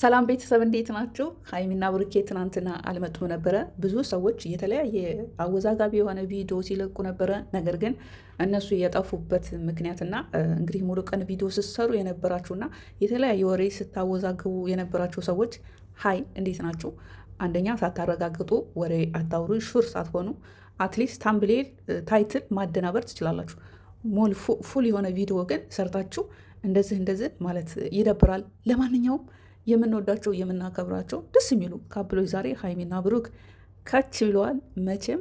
ሰላም ቤተሰብ እንዴት ናችሁ? ሀይሚና ብሩኬ ትናንትና አልመጡም ነበረ። ብዙ ሰዎች የተለያየ አወዛጋቢ የሆነ ቪዲዮ ሲለቁ ነበረ። ነገር ግን እነሱ የጠፉበት ምክንያትና እንግዲህ ሙሉ ቀን ቪዲዮ ስትሰሩ የነበራችሁና የተለያየ ወሬ ስታወዛግቡ የነበራችሁ ሰዎች ሀይ እንዴት ናችሁ? አንደኛ ሳታረጋግጡ ወሬ አታውሩ፣ ሹር ሳትሆኑ አትሊስት ታምብሌል ታይትል ማደናበር ትችላላችሁ። ሞል ፉል የሆነ ቪዲዮ ግን ሰርታችሁ እንደዚህ እንደዚህ ማለት ይደብራል። ለማንኛውም የምንወዳቸው የምናከብራቸው ደስ የሚሉ ካፕሎች ዛሬ ሀይሚና ብሩክ ከች ብለዋል። መቼም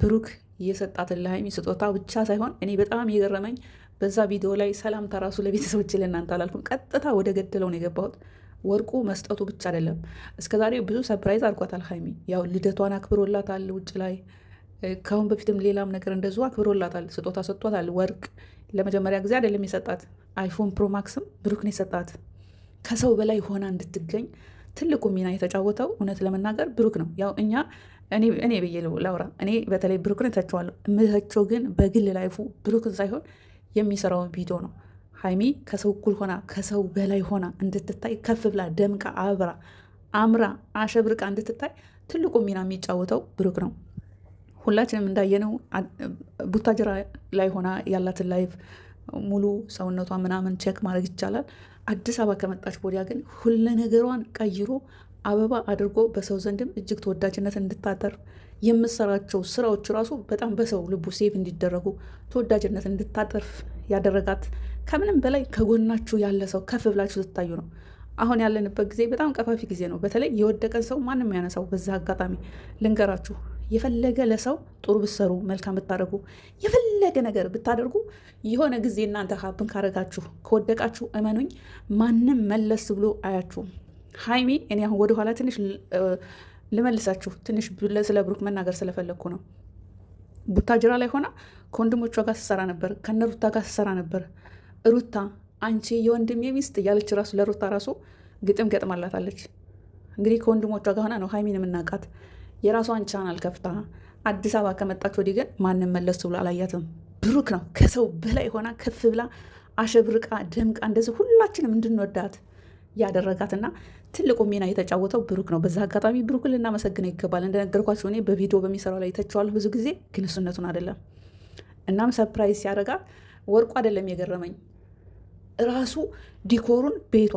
ብሩክ የሰጣትን ለሀይሚ ስጦታ ብቻ ሳይሆን እኔ በጣም የገረመኝ በዛ ቪዲዮ ላይ ሰላምታ ራሱ ለቤተሰቦች ለእናንተ አላልኩም። ቀጥታ ወደ ገደለው ነው የገባሁት። ወርቁ መስጠቱ ብቻ አይደለም፣ እስከዛሬ ብዙ ሰርፕራይዝ አድርጓታል። ሀይሚ ያው ልደቷን አክብሮላታል ውጭ ላይ ከአሁን በፊትም ሌላም ነገር እንደዚሁ አክብሮላታል። ስጦታ ሰጥቷታል። ወርቅ ለመጀመሪያ ጊዜ አይደለም የሰጣት፣ አይፎን ፕሮማክስም ብሩክን የሰጣት ከሰው በላይ ሆና እንድትገኝ ትልቁ ሚና የተጫወተው እውነት ለመናገር ብሩክ ነው። ያው እኛ እኔ ብዬ ላውራ እኔ በተለይ ብሩክን እተቸዋለሁ። እምተቸው ግን በግል ላይፉ ብሩክን ሳይሆን የሚሰራውን ቪዲዮ ነው። ሀይሚ ከሰው እኩል ሆና ከሰው በላይ ሆና እንድትታይ ከፍ ብላ ደምቃ አብራ አምራ አሸብርቃ እንድትታይ ትልቁ ሚና የሚጫወተው ብሩክ ነው። ሁላችንም እንዳየነው ቡታጅራ ላይ ሆና ያላትን ላይፍ ሙሉ ሰውነቷ ምናምን ቼክ ማድረግ ይቻላል። አዲስ አበባ ከመጣች ወዲያ ግን ሁለ ነገሯን ቀይሮ አበባ አድርጎ በሰው ዘንድም እጅግ ተወዳጅነት እንድታተርፍ የምሰራቸው ስራዎች ራሱ በጣም በሰው ልቡ ሴቭ እንዲደረጉ ተወዳጅነት እንድታጠርፍ ያደረጋት ከምንም በላይ ከጎናችሁ ያለ ሰው ከፍ ብላችሁ ስታዩ ነው። አሁን ያለንበት ጊዜ በጣም ቀፋፊ ጊዜ ነው። በተለይ የወደቀን ሰው ማንም ያነሳው። በዛ አጋጣሚ ልንገራችሁ የፈለገ ለሰው ጥሩ ብትሰሩ መልካም ብታደርጉ የፈለገ ነገር ብታደርጉ የሆነ ጊዜ እናንተ ሀብን ካረጋችሁ ከወደቃችሁ እመኑኝ ማንም መለስ ብሎ አያችሁም። ሀይሚ እኔ አሁን ወደኋላ ትንሽ ልመልሳችሁ ትንሽ ስለ ብሩክ መናገር ስለፈለግኩ ነው። ቡታጅራ ላይ ሆና ከወንድሞቿ ጋር ስትሰራ ነበር፣ ከነ ሩታ ጋር ስትሰራ ነበር። ሩታ አንቺ የወንድሜ ሚስት እያለች ራሱ ለሩታ ራሱ ግጥም ገጥማላታለች። እንግዲህ ከወንድሞቿ ጋር ሆና ነው ሀይሚን የምናውቃት። የራሷን ቻናል ከፍታ አዲስ አበባ ከመጣች ወዲህ ግን ማንም መለስ ብሎ አላያትም። ብሩክ ነው ከሰው በላይ ሆና ከፍ ብላ አሸብርቃ ደምቃ እንደዚህ ሁላችንም እንድንወዳት ያደረጋትና ትልቁ ሚና የተጫወተው ብሩክ ነው። በዛ አጋጣሚ ብሩክን ልናመሰግነው ይገባል። እንደነገርኳቸው እኔ በቪዲዮ በሚሰራው ላይ ተቸዋለሁ ብዙ ጊዜ ግን እሱነቱን አይደለም። እናም ሰርፕራይዝ ሲያደርጋት ወርቁ አይደለም የገረመኝ ራሱ ዲኮሩን ቤቷ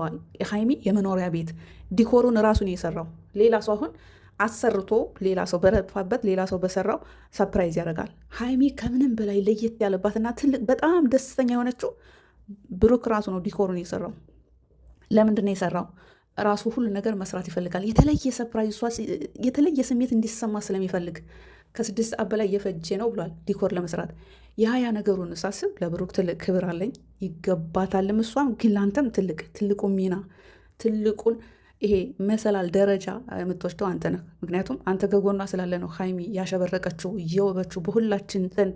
ሀይሚ የመኖሪያ ቤት ዲኮሩን ራሱን የሰራው ሌላ ሰው አሁን አሰርቶ ሌላ ሰው በረፋበት ሌላ ሰው በሰራው ሰፕራይዝ ያደርጋል። ሀይሚ ከምንም በላይ ለየት ያለባትና ትልቅ በጣም ደስተኛ የሆነችው ብሩክ ራሱ ነው። ዲኮሩን የሰራው ለምንድን ነው የሰራው? ራሱ ሁሉ ነገር መስራት ይፈልጋል። የተለየ ሰፕራይዝ፣ የተለየ ስሜት እንዲሰማ ስለሚፈልግ ከስድስት ሰዓት በላይ የፈጀ ነው ብሏል ዲኮር ለመስራት። የሀያ ነገሩን ሳስብ ለብሩክ ትልቅ ክብር አለኝ ይገባታልም። እሷም ግን ትልቅ ትልቁን ሚና ትልቁን ይሄ መሰላል ደረጃ የምትወስደው አንተ ነህ። ምክንያቱም አንተ ከጎኗ ስላለ ነው ሀይሚ ያሸበረቀችው የወበችው በሁላችን ዘንድ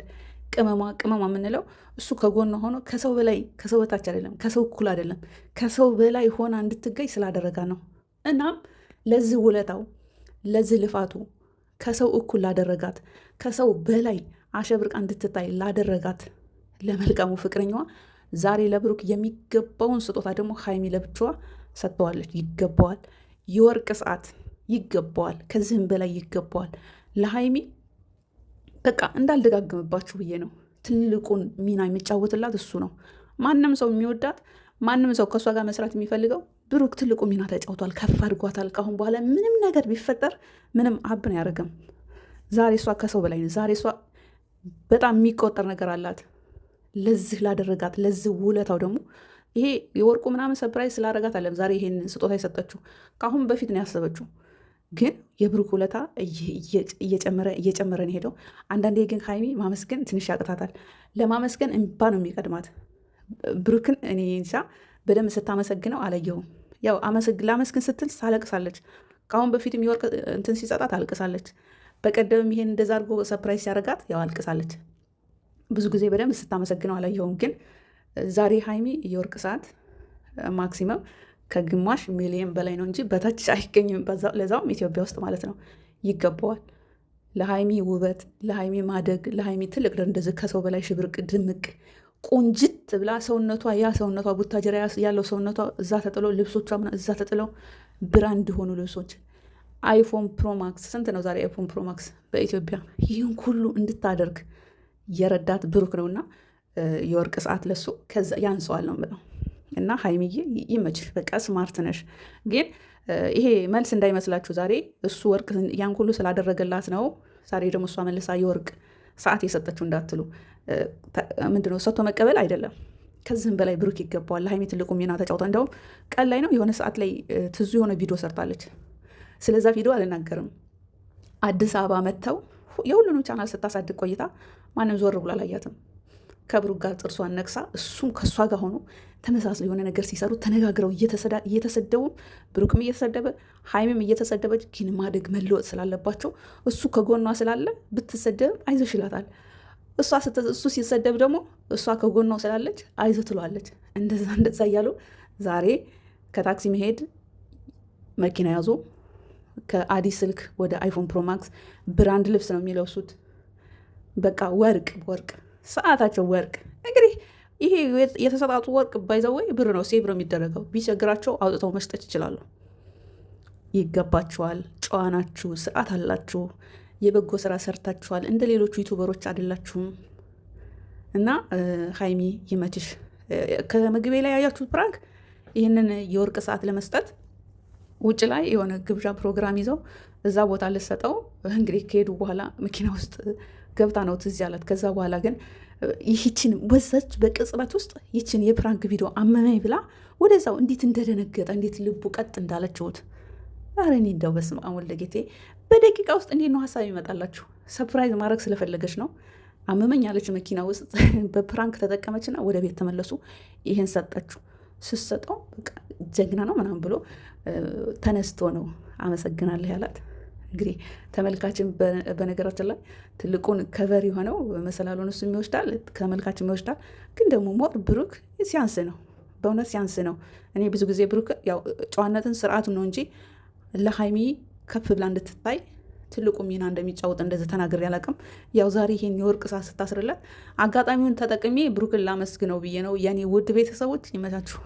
ቅመማ ቅመማ የምንለው እሱ ከጎኗ ሆኖ ከሰው በላይ ከሰው በታች አይደለም፣ ከሰው እኩል አይደለም፣ ከሰው በላይ ሆና እንድትገኝ ስላደረገ ነው። እናም ለዚህ ውለታው ለዚህ ልፋቱ ከሰው እኩል ላደረጋት ከሰው በላይ አሸብርቃ እንድትታይ ላደረጋት ለመልካሙ ፍቅረኛዋ ዛሬ ለብሩክ የሚገባውን ስጦታ ደግሞ ሀይሚ ለብቻዋ ሰጥተዋለች። ይገባዋል። የወርቅ ሰዓት ይገባዋል። ከዚህም በላይ ይገባዋል። ለሀይሚ በቃ እንዳልደጋግምባችሁ ብዬ ነው። ትልቁን ሚና የሚጫወትላት እሱ ነው። ማንም ሰው የሚወዳት ማንም ሰው ከእሷ ጋር መስራት የሚፈልገው ብሩክ ትልቁ ሚና ተጫውቷል። ከፍ አድርጓታል። ካሁን በኋላ ምንም ነገር ቢፈጠር ምንም አብን አያደርግም። ዛሬ እሷ ከሰው በላይ ነው። ዛሬ እሷ በጣም የሚቆጠር ነገር አላት። ለዚህ ላደረጋት ለዚህ ውለታው ደግሞ ይሄ የወርቁ ምናምን ሰፕራይዝ ስላረጋት አለም ዛሬ ይሄን ስጦታ የሰጠችው ከአሁን በፊት ነው ያሰበችው። ግን የብሩክ ውለታ እየጨመረ እየጨመረ ነው ሄደው። አንዳንዴ ግን ሀይሚ ማመስገን ትንሽ ያቅታታል። ለማመስገን እንባ ነው የሚቀድማት። ብሩክን እኔ እንጃ በደንብ ስታመሰግነው አላየሁም። ያው ላመስግን ስትል ሳለቅሳለች። ከአሁን በፊትም የወርቅ እንትን ሲሰጣት አልቅሳለች። በቀደምም ይሄን እንደዛ አድርጎ ሰፕራይዝ ሲያደርጋት ያው አልቅሳለች። ብዙ ጊዜ በደንብ ስታመሰግነው አላየሁም ግን ዛሬ ሀይሚ የወርቅ ሰዓት ማክሲመም ከግማሽ ሚሊየን በላይ ነው እንጂ በታች አይገኝም። ለዛውም ኢትዮጵያ ውስጥ ማለት ነው። ይገባዋል። ለሀይሚ ውበት፣ ለሀይሚ ማደግ፣ ለሀይሚ ትልቅ እንደዚህ ከሰው በላይ ሽብርቅ ድምቅ ቁንጅት ብላ ሰውነቷ ያ ሰውነቷ ቡታጀራ ያለው ሰውነቷ እዛ ተጥሎ ልብሶቿ እዛ ተጥለው ብራንድ የሆኑ ልብሶች አይፎን ፕሮማክስ ስንት ነው ዛሬ አይፎን ፕሮማክስ በኢትዮጵያ ይህን ሁሉ እንድታደርግ የረዳት ብሩክ ነውና የወርቅ ሰዓት ለሱ ያንሰዋል ነው ብለው እና ሀይሚዬ ይመችሽ፣ በቃ ስማርት ነሽ። ግን ይሄ መልስ እንዳይመስላችሁ ዛሬ እሱ ወርቅ ያን ሁሉ ስላደረገላት ነው ዛሬ ደግሞ እሷ መልሳ የወርቅ ሰዓት የሰጠችው እንዳትሉ፣ ምንድነው ሰጥቶ መቀበል አይደለም። ከዚህም በላይ ብሩክ ይገባዋል። ሀይሚ ትልቁ ሚና ተጫውታ፣ እንደውም ቀን ላይ ነው የሆነ ሰዓት ላይ ትዙ የሆነ ቪዲዮ ሰርታለች። ስለዛ ቪዲዮ አልናገርም። አዲስ አበባ መጥተው የሁሉንም ቻናል ስታሳድግ ቆይታ ማንም ዞር ብሎ አላያትም። ከብሩክ ጋር ጥርሷን ነቅሳ እሱም ከእሷ ጋር ሆኖ ተመሳስሎ የሆነ ነገር ሲሰሩ ተነጋግረው እየተሰደቡም ብሩክም እየተሰደበ ሀይምም እየተሰደበች ግን ማደግ መለወጥ ስላለባቸው እሱ ከጎኗ ስላለ ብትሰደብም አይዞሽ ይላታል። እሷ እሱ ሲሰደብ ደግሞ እሷ ከጎኗ ስላለች አይዞ ትሏለች እንደዛ እንደዛ እያሉ ዛሬ ከታክሲ መሄድ መኪና ያዞ ከአዲ ስልክ ወደ አይፎን ፕሮማክስ ብራንድ ልብስ ነው የሚለብሱት። በቃ ወርቅ ወርቅ ሰዓታቸው ወርቅ እንግዲህ ይሄ የተሰጣጡ ወርቅ ባይዘው ወይ ብር ነው ሴብ ነው የሚደረገው። ቢቸግራቸው አውጥተው መስጠት ይችላሉ። ይገባችኋል። ጨዋ ናችሁ፣ ስርዓት አላችሁ፣ የበጎ ስራ ሰርታችኋል። እንደ ሌሎቹ ዩቱበሮች አይደላችሁም። እና ሀይሚ ይመችሽ። ከምግቤ ላይ ያያችሁት ፕራንክ ይህንን የወርቅ ሰዓት ለመስጠት ውጭ ላይ የሆነ ግብዣ ፕሮግራም ይዘው እዛ ቦታ ልሰጠው እንግዲህ ከሄዱ በኋላ መኪና ውስጥ ገብታ ነው ትዝ ያላት። ከዛ በኋላ ግን ይህችን ወዛች በቅጽበት ውስጥ ይችን የፕራንክ ቪዲዮ አመመኝ ብላ ወደዛው እንዴት እንደደነገጠ እንዴት ልቡ ቀጥ እንዳለችሁት ኧረ እኔ እንደው በስመ አብ ወልደ ጌቴ በደቂቃ ውስጥ እንዴት ነው ሀሳብ ይመጣላችሁ? ሰፕራይዝ ማድረግ ስለፈለገች ነው አመመኝ አለች መኪና ውስጥ በፕራንክ ተጠቀመችና ወደ ቤት ተመለሱ። ይህን ሰጠችው። ስሰጠው ጀግና ነው ምናምን ብሎ ተነስቶ ነው አመሰግናለህ ያላት። እንግዲህ ተመልካችን በነገራችን ላይ ትልቁን ከቨር የሆነው መሰላሉን እሱ ይወስዳል፣ ተመልካችን ይወስዳል። ግን ደግሞ ሞር ብሩክ ሲያንስ ነው፣ በእውነት ሲያንስ ነው። እኔ ብዙ ጊዜ ብሩክ ያው ጨዋነትን ስርዓቱ ነው እንጂ ለሀይሚ ከፍ ብላ እንድትታይ ትልቁ ሚና እንደሚጫወጥ እንደዚህ ተናግሬ አላውቅም። ያው ዛሬ ይሄን የወርቅ ሰዓት ስታስርለት አጋጣሚውን ተጠቅሜ ብሩክን ላመስግነው ብዬ ነው። የኔ ውድ ቤተሰቦች ይመቻችሁ።